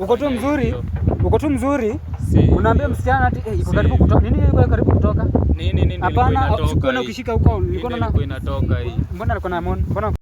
uko tu mzuri, uko tu mzuri, unaambia msichana ati eh, iko karibu kutoka nini, iko karibu kutoka nini? Hapana, ukishika huko, mbona alikuwa na mbona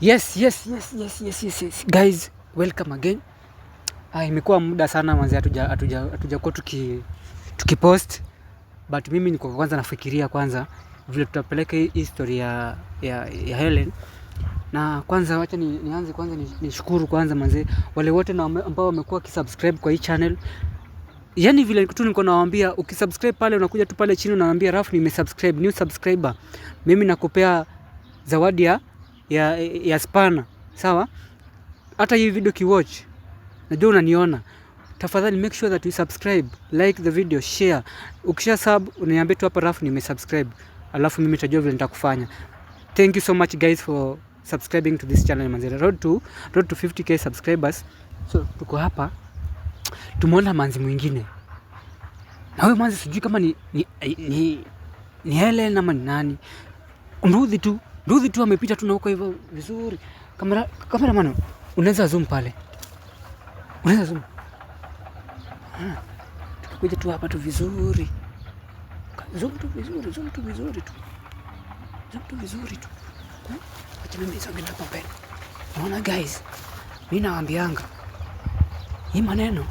Yes, yes, yes, yes, yes, yes, yes. Guys, welcome again. Ah, imekuwa muda sana manzi hatuja hatuja hatujakuwa tuki tukipost but mimi niko kwanza nafikiria kwanza vile tutapeleka hii history ya, ya, ya Helen. na kwanza wacha ni, nianze kwanza nishukuru ni kwanza manze wale wote na ambao wamekuwa kisubscribe kwa hii channel. Yaani vile tu niko nawaambia ukisubscribe pale unakuja tu pale chini unawaambia Raf nimesubscribe new subscriber. Mimi nakupea zawadi ya ya, ya spana sawa. Hata hii video kiwatch, najua unaniona, tafadhali make sure that you subscribe, like the video, share. Ukisha sub uniambie tu hapa rafu nimesubscribe, alafu mimi nitajua vile nitakufanya. Thank you so much guys for subscribing to this channel Manzi Road to Road to 50k subscribers. So tuko hapa tumeona manzi mwingine, na huyo manzi sijui kama ni, ni, ni, ni Helen ama ni nani, mrudhi tu Ruthi tu amepita tu na huko hivyo vizuri. Kamera kamera mano. Unaweza zoom pale. Unaweza zoom. Ah, Tukikuja tu hapa tu vizuri. Zoom tu vizuri, zoom tu vizuri tu. Zoom tu vizuri tu. Hmm? Acha mimi nisonge na hapo mbele. Unaona guys? Mimi nawaambianga. Hii maneno.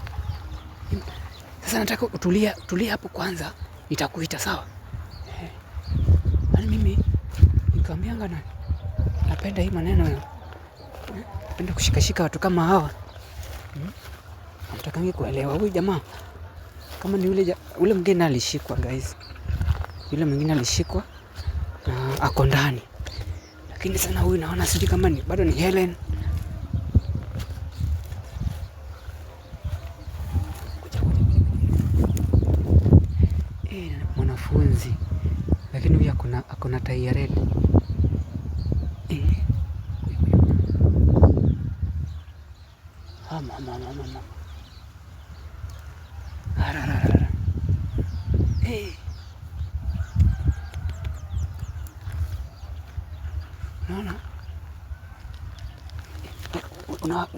Sasa nataka utulia, utulia hapo kwanza. Nitakuita sawa? Nikamwambia na napenda hii maneno ya napenda kushikashika watu kama hawa hmm? Mtakangi kuelewa huyu jamaa kama ni yule yule mwingine alishikwa, guys, yule mwingine alishikwa na ako ndani, lakini sana huyu naona sijui kama ni bado ni Helen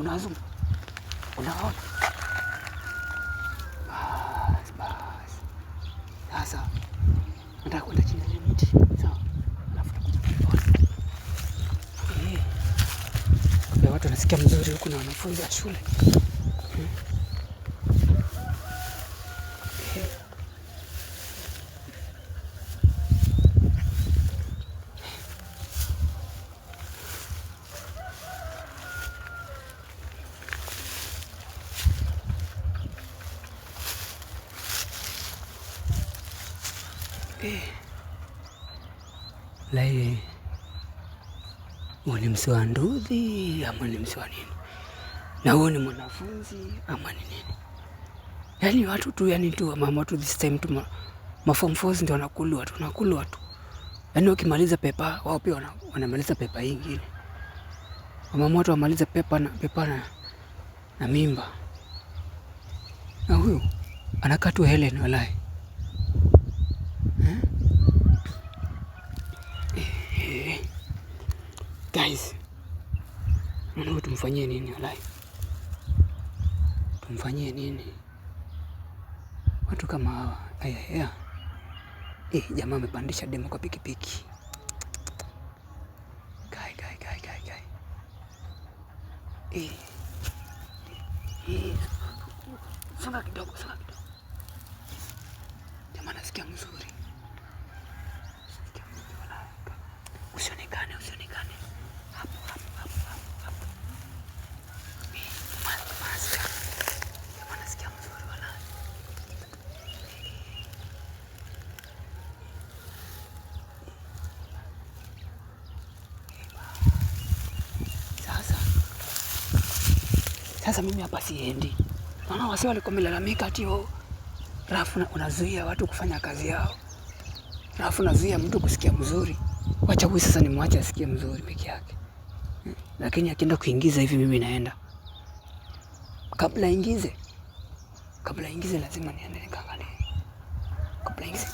unazunguka, unaona. Basi basi, sasa nataka kwenda chini ya mti sawa, alafu eh. watu wanasikia mzuri huku na wanafunzi wa shule. msi wa ndudhi ama ni msi wa nini, na huyo ni mwanafunzi ama ni nini? Yani watu tu, yani tu wamama tu this time tu maform fours ndio wanakulwa tu, wanakulwa tu. Yani wakimaliza pepa wao pia wana, wanamaliza pepa ingine, wamama watu wamaliza pepa na, pepa na, na mimba, na huyu anakatwa Helen walai. guys, mwanangu tumfanyie nini? Walai, tumfanyie nini? Watu kama hawa ayaya. E, eh, jamaa amepandisha demo kwa pikipiki kai, kai, kai, kai, kai. E. sasa mimi hapa siendi. Naona wasi walikuwa wamelalamika ati oh, rafu unazuia watu kufanya kazi yao, rafu unazuia mtu kusikia mzuri. Wacha huyu sasa nimwache asikie mzuri peke yake, lakini akienda kuingiza hivi mimi naenda kabla ingize, kabla ingize lazima niende nikaangalie, kabla ingize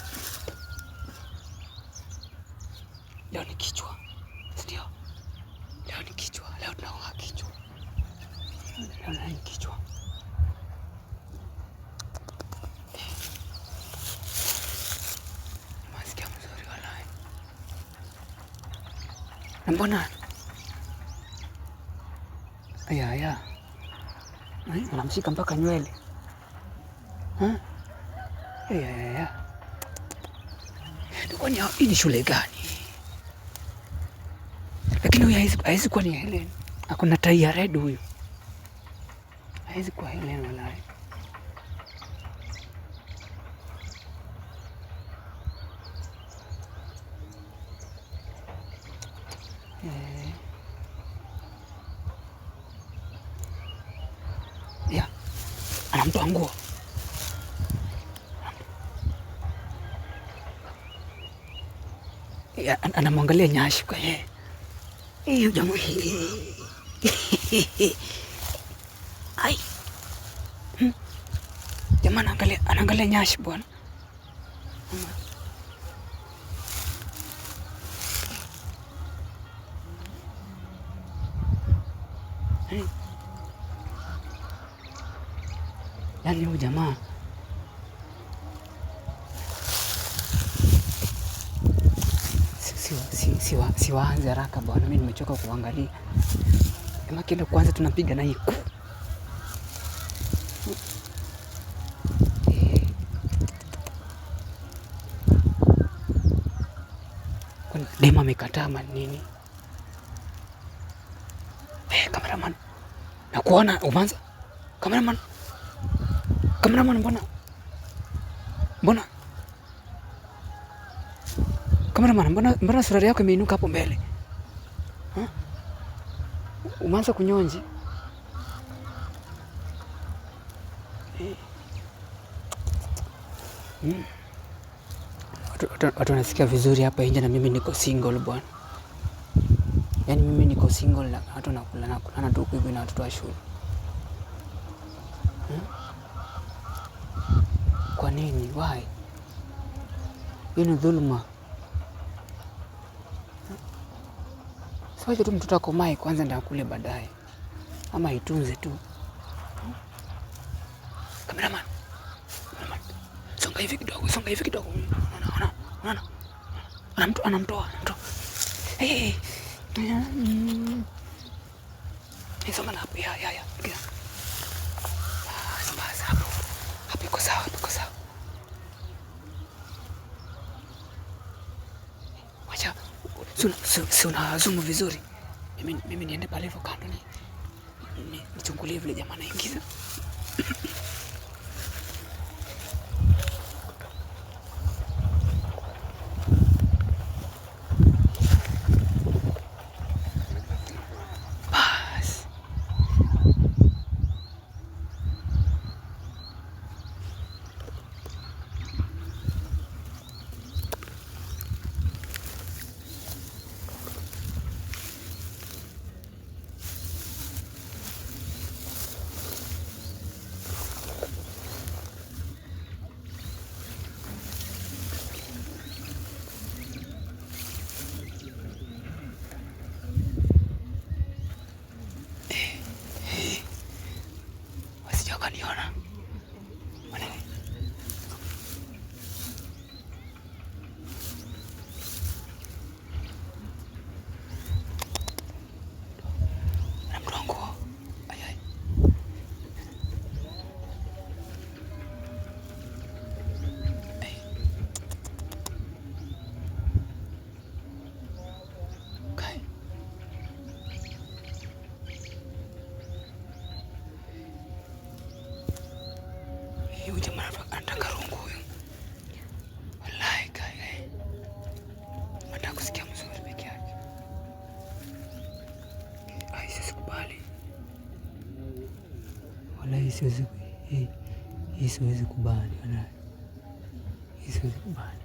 leo ni kichwa benar. Aya, ya. unamshika mpaka nywele. Aya, aya. Kwani hii ni shule gani? Lakini huyu hawezi kuwa ni Helen. Hakuna tai ya red huyu. Hawezi kuwa Helen walai. Mpangua anamwangalia Nyashi kwa yeye hiyo hmm? jamaa ai jamaa anaangalia Nyashi bwana. Yaani huyu jamaa siwaanze si, si, si haraka bwana, mimi nimechoka kuangalia jamaa kile. Kwanza tunapiga na ku dema amekataa manini. Hey, eh, kameraman nakuona, umanza kameraman Kameraman, mbona mbona kameraman, mbona mbona sura yako imeinuka hapo mbele huh? Umeanza kunyonji hmm. hmm. Watu wanasikia vizuri hapa nje, na mimi niko single bwana, yaani mimi niko single, watu nakula na tu hivi na watoto wa shule hmm? nini? Why? Hii ni dhuluma. Siwache tu mtoto akomae kwanza ndio akule baadaye, ama itunze tu. Kameraman, songa hivi kidogo, songa hivi kidogo. Unaona, unaona, anamtoa, anamtoa, mtoa Hey, na mm. hapo, ya ya ya, hapo, ah, hapo iko sawa, iko sawa si unazumu vizuri. Mimi niende pale hivyo kando nichungulie vile jamaa anaingiza Huyu jamaa anataka rungu huyu. Wallahi kale. Nataka kusikia mzuri peke yake. Ai, sikubali. Wallahi siwezi. Hii siwezi kubali. Wallahi. siwezi kubali.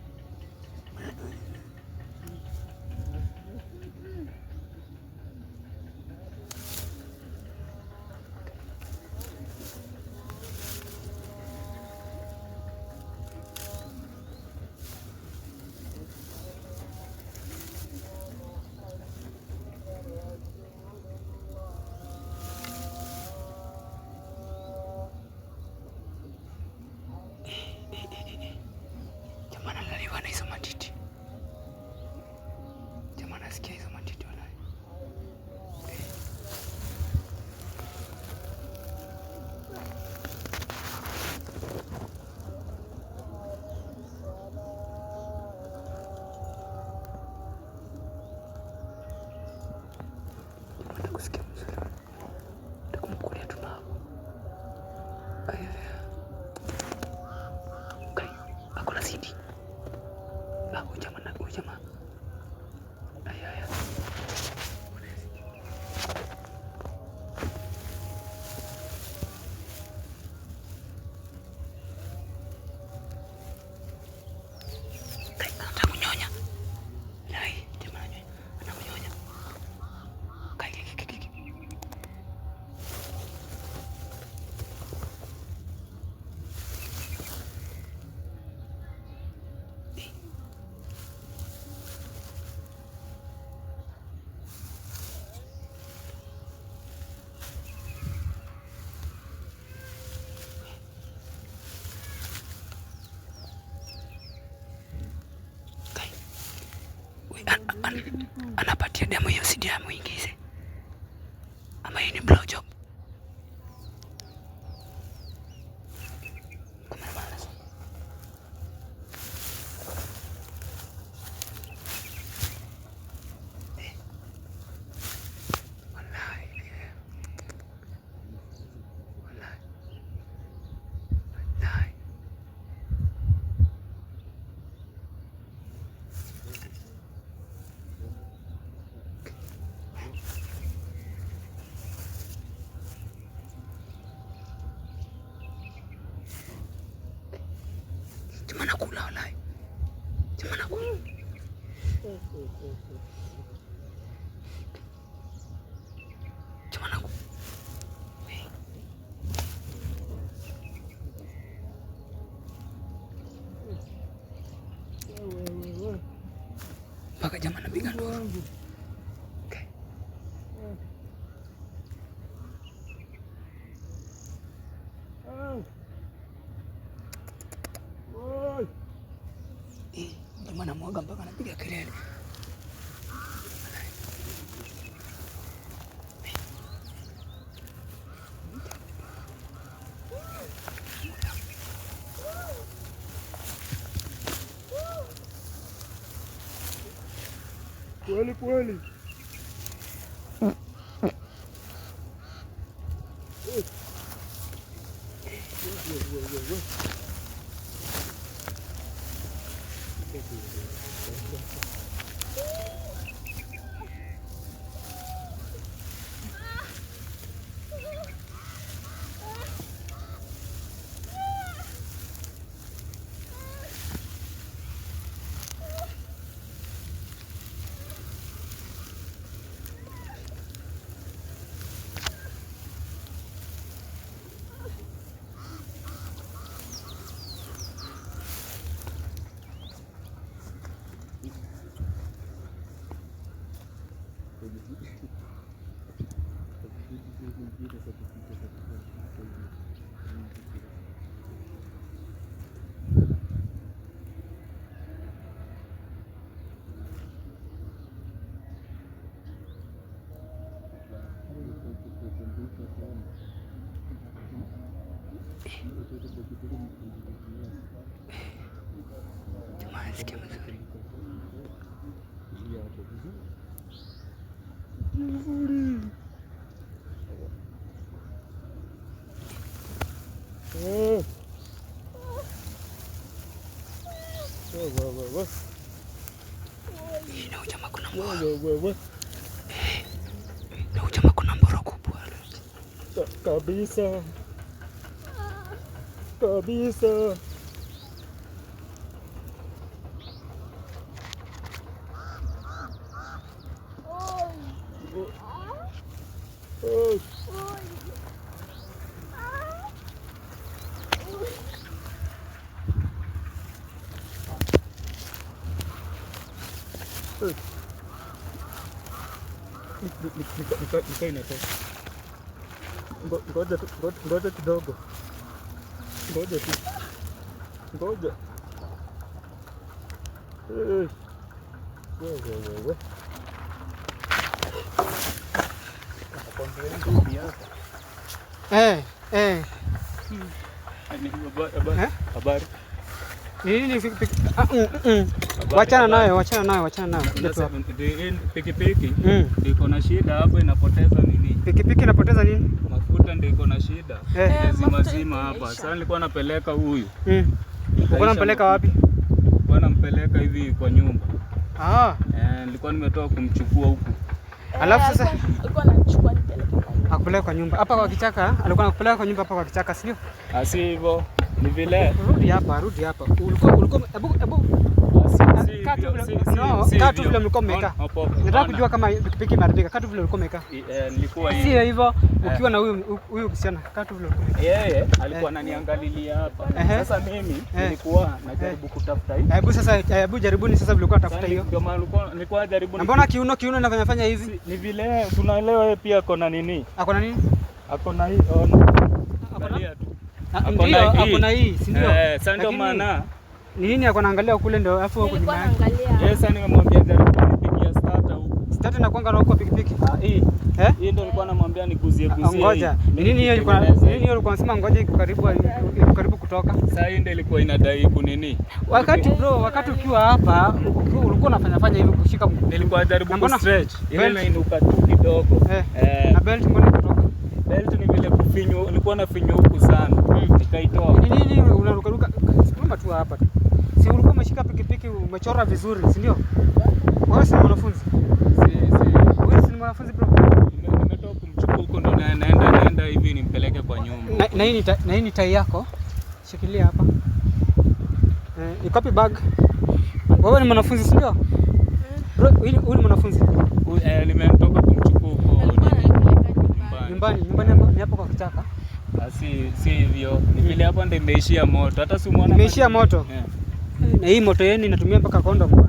anapatia damu hiyo, si damu ingize ama ni blood Aku lah lai. Cuman aku. kweli kweli. wewe na ujamaa, kuna mboro kubwa kabisa kabisa. mtoi ngoja ngoja kidogo ngoja tu ngoja wewewewe Eh, eh. Habari. Nini? Ah, mm, mm. Wachana nayo, wachana nayo, wachana nayo. Pikipiki mm. iko na shida hapo, inapoteza nini? Pikipiki inapoteza nini? Mafuta ndio iko na shida mazima eh. eh, hapa. Sasa nilikuwa napeleka huyu. Mm. Uko nampeleka wapi? Nilikuwa nampeleka hivi kwa nyumba. Ah. Eh, nilikuwa nimetoka kumchukua huku. Eh, Alafu sasa alikuwa anachukua nipeleke akupeleka kwa nyumba hapa kwa kichaka, alikuwa anakupeleka kwa nyumba hapa kwa kichaka, sio? Ah, si hivyo. Ni vile. Rudi hapa, rudi hapa. Ulikuwa ulikuwa hebu hebu kaa tu vile mlikuwa mmekaa. Nataka kujua kama pikipiki imeharibika, kaa vile ulikuwa umekaa. Eh, Sio hivyo, eh. ukiwa na huyu huyu kijana, kaa tu vile Yeye alikuwa eh. ananiangalilia hapa. Sasa mimi nilikuwa najaribu kutafuta hiyo. Hebu sasa, hebu jaribuni sasa vile ulikuwa hiyo. Ndio maana nilikuwa najaribu. Mbona kiuno kiuno inafanya fanya hivi? Ni vile tunaelewa yeye pia ako na nini? Ako na nini? Ako na hii. Ah, ako na hii, si ndio? Eh, sasa ndio maana ni nini ako naangalia kule ndio afu huko ni yake. Yes, sasa nimemwambia nipigie starter huko. Starter na kuanga na huko pikipiki. Ah, hii. Eh? Hii ndio nilikuwa namwambia niguzie ah, guzie. Ngoja. Ni Nini hiyo ilikuwa nini hiyo ilikuwa nasema ngoja iko karibu iko karibu kutoka. Sasa hii ndio ilikuwa inadai nini? Wakati bro, wakati ukiwa hapa ulikuwa unafanya fanya hivi kushika mguu. Nilikuwa najaribu ku stretch. Ile inainuka tu kidogo. Eh. eh. Na belt mbona kutoka? Belt ni vile kufinyo, nilikuwa nafinyo huku sana. Nikaitoa. Hmm. Nini nini unarukaruka? Simama tu hapa tu. Si ulikuwa umeshika pikipiki umechora vizuri, si ndio? Wewe si mwanafunzi? Si si. Wewe si mwanafunzi bro? Nimetoka kumchukua huko ndo naenda naenda hivi nimpeleke kwa nyumba. Na hii na hii ni tai yako. Shikilia hapa. Eh, ikopi bag. Wewe ni mwanafunzi, si ndio? Bro, huyu ni mwanafunzi. Eh, nimetoka kumchukua huko nyumbani. Nyumbani hapo kwa kichaka. Ah, si si hivyo. Ni vile mm. hapo ndio imeishia moto. Hata si umeona? Imeishia moto. Yeah. Na hii moto yenu inatumia mpaka kondo kwa?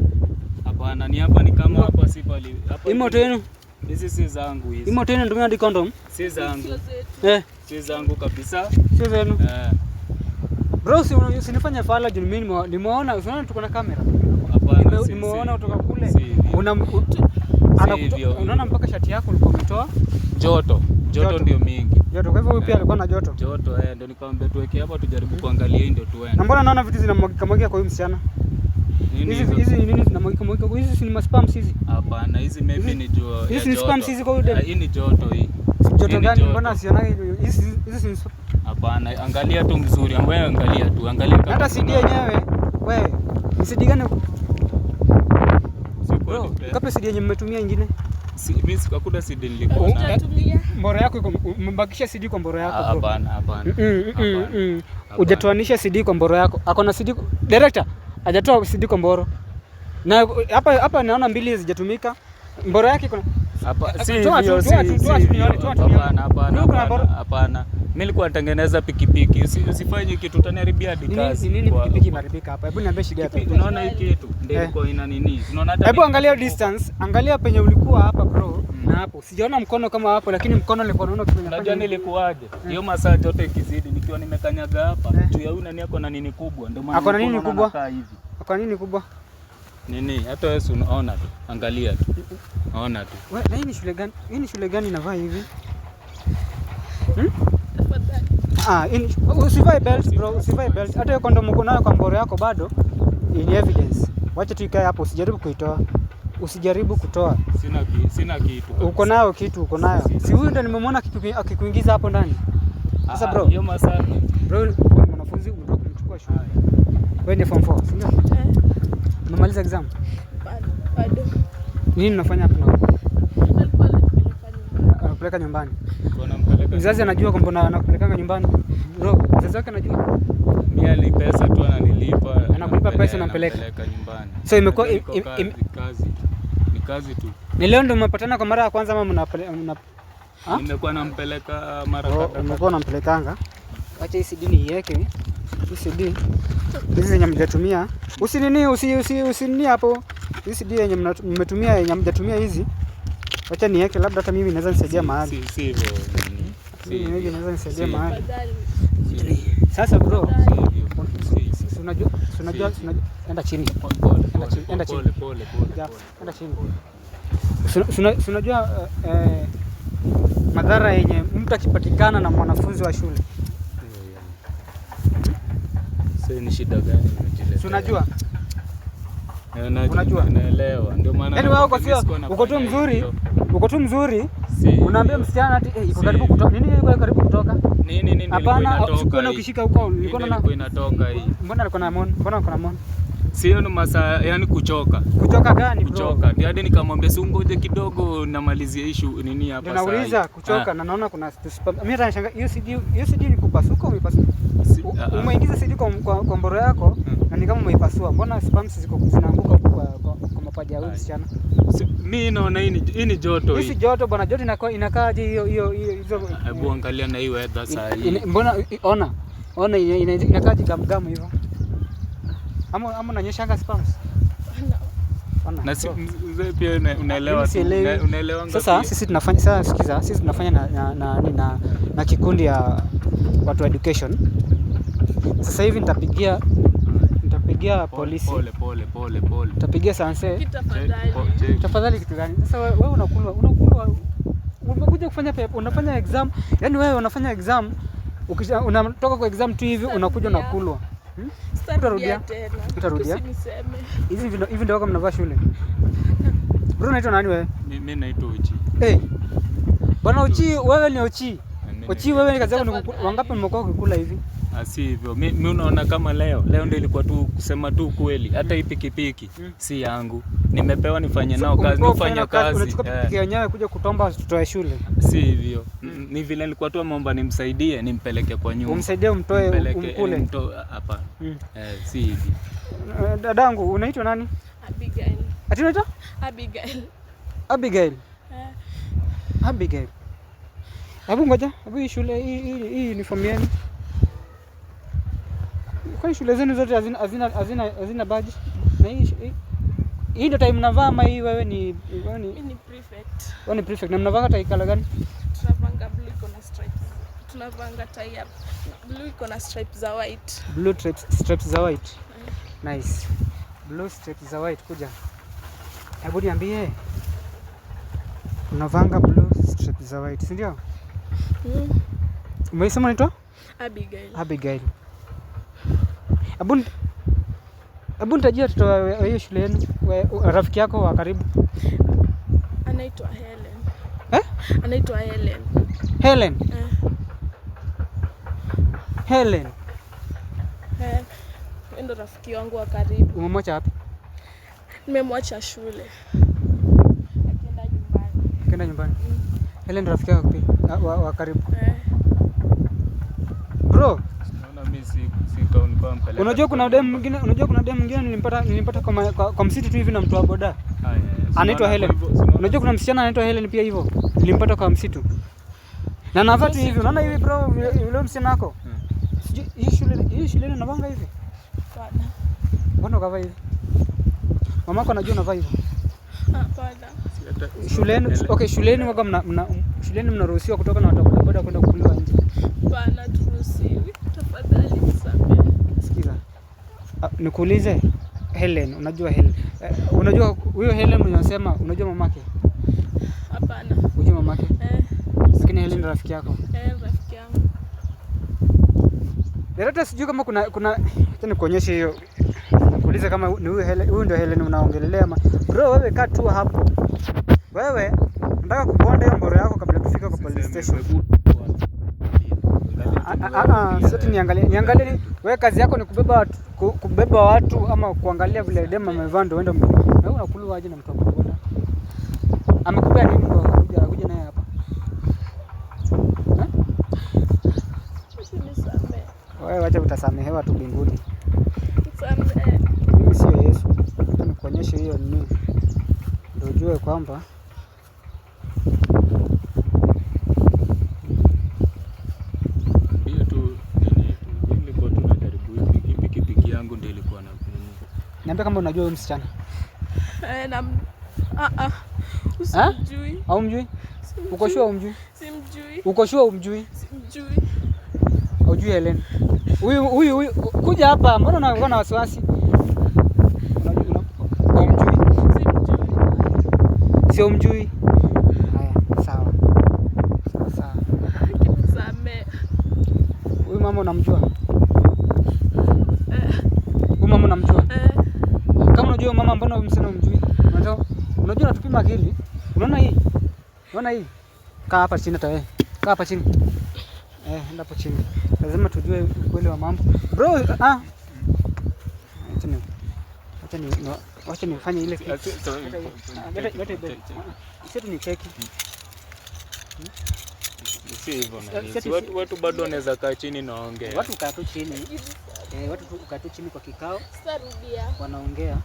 Hapana, ni hapa ni kama hapa si pali. Hii moto yenu? Hizi si zangu hizi. Hii moto yenu inatumia hadi kondo? Si zangu. Eh, si zangu kabisa. Si zenu. Eh. Bro, si usinifanye fala juu mimi nimeona, unaona tuko na kamera. Hapana. si Nimeona kutoka kule. Una unaona mpaka shati yako ulikometoa? umetoa joto joto ndio mingi joto. Kwa hivyo huyu pia eh. alikuwa na joto joto, eh, ndio nikamwambia tuweke hapa tujaribu kuangalia, hii ndio tuende. Na mbona naona vitu zinamwagika mwagika kwa huyu msichana? Hizi hizi nini zinamwagika mwagika? Hizi si ni spams hizi? Hapana, hizi maybe ni jua. Hizi ni spam hizi kwa huyu. Ah, hii ni joto hii. Joto gani? Mbona siona hizi hizi si Hapana, angalia tu mzuri. ambaye angalia tu, angalia kama hata CD yenyewe. Wewe, CD gani? Sio kwa eh. CD yenyewe mmetumia nyingine mimi sikakula sidi nilikuwa na mboro yako umebakisha sidi kwa mboro yako. Ah, hapana, hapana. Mm, mm, mm, Hujatoanisha sidi kwa mboro yako. akona na sidi director hajatoa sidi kwa mboro. Na hapa hapa naona mbili hazijatumika. Mboro yake kuna Hapana, mimi nilikuwa natengeneza pikipiki, usifanye kitu utaniharibia hadi kazi. Nini pikipiki imeharibika hapa? Hebu niambie shida yako. Unaona hii kitu ndio eh. ina nini? Unaona hata hebu angalia distance, angalia penye ulikuwa hapa bro mm. na hapo. Sijaona mkono kama hapo, lakini mkono nilikuwa naona kitu. Unajua eh. Hiyo masaa yote ikizidi nikiwa nimekanyaga hapa eh. juu ya huyu nani na nini kubwa, ndio maana ako na nini kubwa, ako na nini kubwa nini, hata wewe unaona tu, angalia tu, ona tu. Wewe ni shule gani? Hii ni shule gani inavaa hivi? Hmm? Ah, usivae belt bro, usivae belt. Hata hiyo kondomu uko nayo kwa ngoro yako bado in evidence. Wacha tu ikae hapo, usijaribu kuitoa. Usijaribu kutoa. Sina ki, sina kitu. Uko nayo kitu, uko nayo. Si huyu ndo nimemwona akikuingiza hapo ndani. Sasa ah, bro. Hiyo masaa. Bro, mwanafunzi unataka kuchukua shule. Wewe ni form 4, si ndio? Eh. Umemaliza exam? Bado. Nini unafanya hapa? na kupeleka nyumbani. Mzazi anajua kwamba anakupeleka nyumbani. Bro, mzazi wake anajua. Mimi ali pesa tu ananilipa. Anakulipa pesa unampeleka nyumbani. So imekuwa kazi. Ni kazi tu. Ni leo ndio mmepatana kwa mara ya kwanza ama mna ah? nimekuwa nampeleka mara kadhaa. Nimekuwa nampelekanga. Acha hii sidini iweke. CCD hizi zenye mjatumia usinini usi hapo CCD yenye mmetumia yenye mjatumia hizi, acha niweke, labda hata mimi naweza nisaidia mahali. Si hivyo, mimi naweza nisaidia mahali. Sasa bro, unajua unajua, enda chini, enda chini, enda chini. Unajua madhara yenye mtu akipatikana na mwanafunzi wa shule sasa ni shida gani unajiletea? Unajua? Unajua? Naelewa. Ndio maana yaani wewe uko sio uko tu mzuri, uko tu mzuri. Unaambia msichana ati eh, iko karibu kutoka. Nini iko karibu kutoka? Nini nini ndio inatoka. Hapana, usiku na ukishika huko ulikuwa na inatoka hii. Mbona alikuwa na mon? Mbona alikuwa na mon? Sio ni masaa yani kuchoka. Kuchoka gani bro? Kuchoka. Ndio hadi nikamwambia si ungoje kidogo namalizia issue nini hapa sasa. Ninauliza kuchoka ah. na naona kuna mimi nashangaa hiyo CD hiyo CD ni kupasuka umepasuka. Uh-huh. umeingiza sidi kwa, kwa, kwa mboro yako hmm. na ni kama umeipasua. Mbona spams ziko zinaanguka kwa, kwa, kwa mapaja ya huyu msichana? Mimi naona hii ni ni joto hii. Si joto bwana, joto inakaa inakaaje hiyo hiyo hiyo hizo? Hebu angalia na hii weather saa hii. Mbona ona ona inakaaje gam gam hivyo? Ama ama unanyeshanga spams? Na si mzee pia unaelewa unaelewa. ngapi? Sasa sisi tunafanya sasa, sikiza, sisi tunafanya na na na, na, na kikundi ya watu education sasa hivi nitapigia nitapigia polisi. Pole pole pole pole. Nitapigia sanse. Tafadhali kitu gani? Sasa wewe unakula unakula umekuja kufanya pepo, unafanya exam. Yaani wewe unafanya exam unatoka kwa exam tu hivi unakuja unakulwa. Hmm? Utarudia. Utarudia. Hizi hivi hivi ndio kama mnavaa shule. Bro, naitwa nani wewe? Mimi naitwa Uchi. Eh. Hey. Bwana Uchi, wewe ni Uchi. Uchi, wewe ni kazi yako ni wangapi mmekuwa ukikula hivi? Ah, si hivyo. Mimi unaona kama leo leo ndio ilikuwa tu kusema tu kweli, hata hii pikipiki mm. si yangu, nimepewa nifanye nao kazi, nifanye kazi Unachukua eh. pikipiki yenyewe kuja kutomba tutoe shule, si hivyo mm. ni vile nilikuwa tu ameomba nimsaidie, nimpeleke kwa nyumba, umsaidie, umtoe, eh, umkule, mtoe ah, hapa mm. eh, si hivyo. Eh, dadangu, unaitwa nani? Abigail. Ati unaitwa Abigail? Abigail, Abigail, Abu ngoja, hebu shule hii hii uniform yenu kwa shule zenu zote hazina hazina hazina hazina badge. Na hii hii ndio time mnavaa ama hii wewe ni wewe ni mimi ni prefect. Wewe ni prefect na mnavaa tai kala gani? Tunavaa blue iko na stripes. Tunavaa tai ya blue iko na stripes za white. Blue stripes stripes za white. Mm. Nice. Blue stripes za white kuja. Hebu niambie. Unavanga blue stripes za white, si ndio? Mm. Umeisema unaitwa? Abigail. Abigail. Hebu nitajia watoto wa hiyo shule yenu, rafiki yako wa karibu anaitwa Helen. Eh? Anaitwa Helen. Helen. Eh. Helen. Eh. Ndo rafiki wangu wa karibu. Umemwacha wapi? Nimemwacha shule. Akaenda nyumbani. Akaenda nyumbani. Mm. Helen rafiki yako wa, wa, wa karibu. Eh. Bro, sita nilikuwa mkaleta. Unajua kuna dem mwingine, unajua kuna dem mwingine nilimpata nilimpata kwa, kwa, kwa msitu tu hivi na mtu wa boda. Ah, yeah. Anaitwa Helen. Unajua kuna msichana anaitwa Helen pia hivyo. Nilimpata kwa msitu. Na navaa tu hivi. Unaona hivi bro, yule msichana wako? Hmm. Sijui Hii shule hii shule inavanga hivi. Bwana. Mbona ukavaa hivi? Mamako anajua unavaa hivi. Hapana. Shuleni, okay, shuleni waga mna, mna shuleni mnaruhusiwa kutoka na watu wa boda kwenda kuliwa nje. Bana, turuhusiwi. Tafadhali. Ah, nikuulize Helen, unajua Helen? Uh, unajua huyo Helen mwenye unasema unajua mamake? Hapana. Unajua mamake? Eh. Lakini Helen ni rafiki yako? Eh, rafiki yangu. Eh, Derata sijui kama kuna kuna acha nikuonyeshe hiyo. Nikuulize kama ni huyo Helen, huyo ndio Helen unaongelelea ama bro wewe kaa tu hapo. Wewe nataka kuponda hiyo mboro yako kabla tufike kwa police station. Ah ah, ah, ah sio niangalie. Niangalie wewe kazi yako ni kubeba watu kubeba watu ama kuangalia vile demu amevaa ndio uende na unakuliwa aje na mtu akuona. Amekupea nini ndio kuja kuja naye hapa? Wewe wacha utasamehewa tu mbinguni. Mimi sio Yesu. Nikuonyeshe hiyo nini. Ndio ujue kwamba kama unajua huyu msichana eh? na ah ah, usimjui au mjui? Uko shua umjui? Simjui. Uko shua umjui? Simjui. Ujui Helen? Huyu huyu huyu kuja hapa, mbona unakuwa na wasiwasi? Sio mjui? Haya, sawa sawa. Huyu mama unamjua? ambao huyu msichana mjui. Unajua unajua natupima akili. Unaona hii? Unaona hii? Kaa hapa chini tawe. Kaa hapa chini. Eh, enda hapo chini. Lazima tujue ukweli wa mambo. Bro, ah. Acha ni acha ni acha ni fanye ile kitu. ni cheki. Hmm? Si hivyo na eh, watu, watu bado wanaweza kaa chini na waongee. Watu kaa tu chini. Eh, watu kaa tu chini kwa kikao. Sasa rudia. Wanaongea.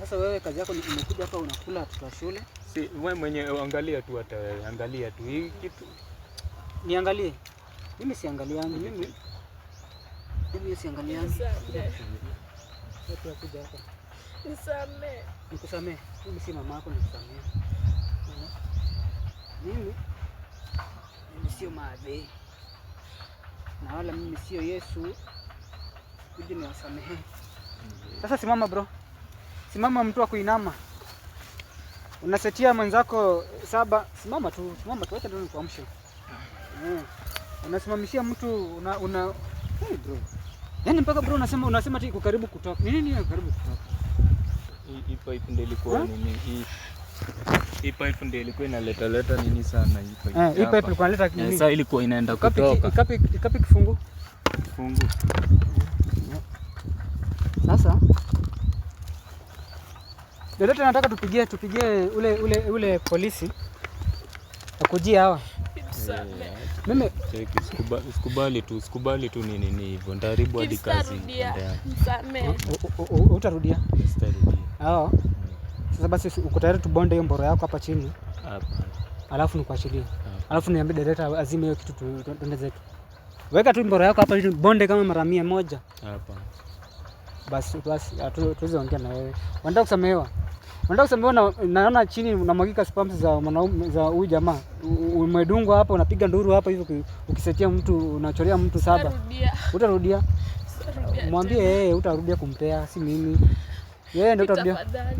Sasa wewe kazi yako ni umekuja hapa unakula watoto wa shule. Si wewe mwenye angalia tu, hata wewe angalia tu hii kitu. Niangalie mimi, siangaliangi mimi, mimi siangaliangi. Watu wakuja hapa Nisame. Nikusame. mimi, si mama yako, nikusamee mimi. Mimi sio maadhee na wala mimi sio Yesu, Kuje niwasamehe. Sasa simama bro. Simama mtu akuinama. Unasetia mwenzako saba, simama tu, simama tu, acha ndio nikuamshe. Mm. Unasimamishia mtu una, una... Hey bro. Yaani mpaka bro unasema unasema ati karibu kutoka. Ni nini karibu kutoka? Hii pipe ndio ilikuwa nini hii? Hii pipe ndio ilikuwa inaleta leta nini sana hii pipe. Eh, hii pipe ilikuwa inaleta eh, nini? Sasa ilikuwa inaenda kutoka. kapi kapi kifungu? Kifungu. Sasa Dodota, nataka tupigie tupigie ule ule ule polisi akujia hawa. Mimi sikubali tu sikubali tu nini ni hivyo, Ndaribu hadi kazi. Utarudia? Sitarudia. Ah. Sasa basi uko tayari tubonde hiyo mboro yako hapa chini? Hapa. Alafu nikuachilie. Alafu niambie Dodota azime hiyo kitu tuende zetu. Weka tu mboro yako hapa chini bonde kama mara 100. moja. Hapa basi basi ah, tuweze ongea na wewe. Wanataka kusamehewa. Wanataka kusamehewa na, naona chini unamwagika spams za mwanaume za huyu jamaa. Umedungwa hapa unapiga nduru hapa hivi ukisetia mtu unachorea mtu saba. Utarudia. Mwambie yeye utarudia kumpea si mimi. Yeye ndio utarudia.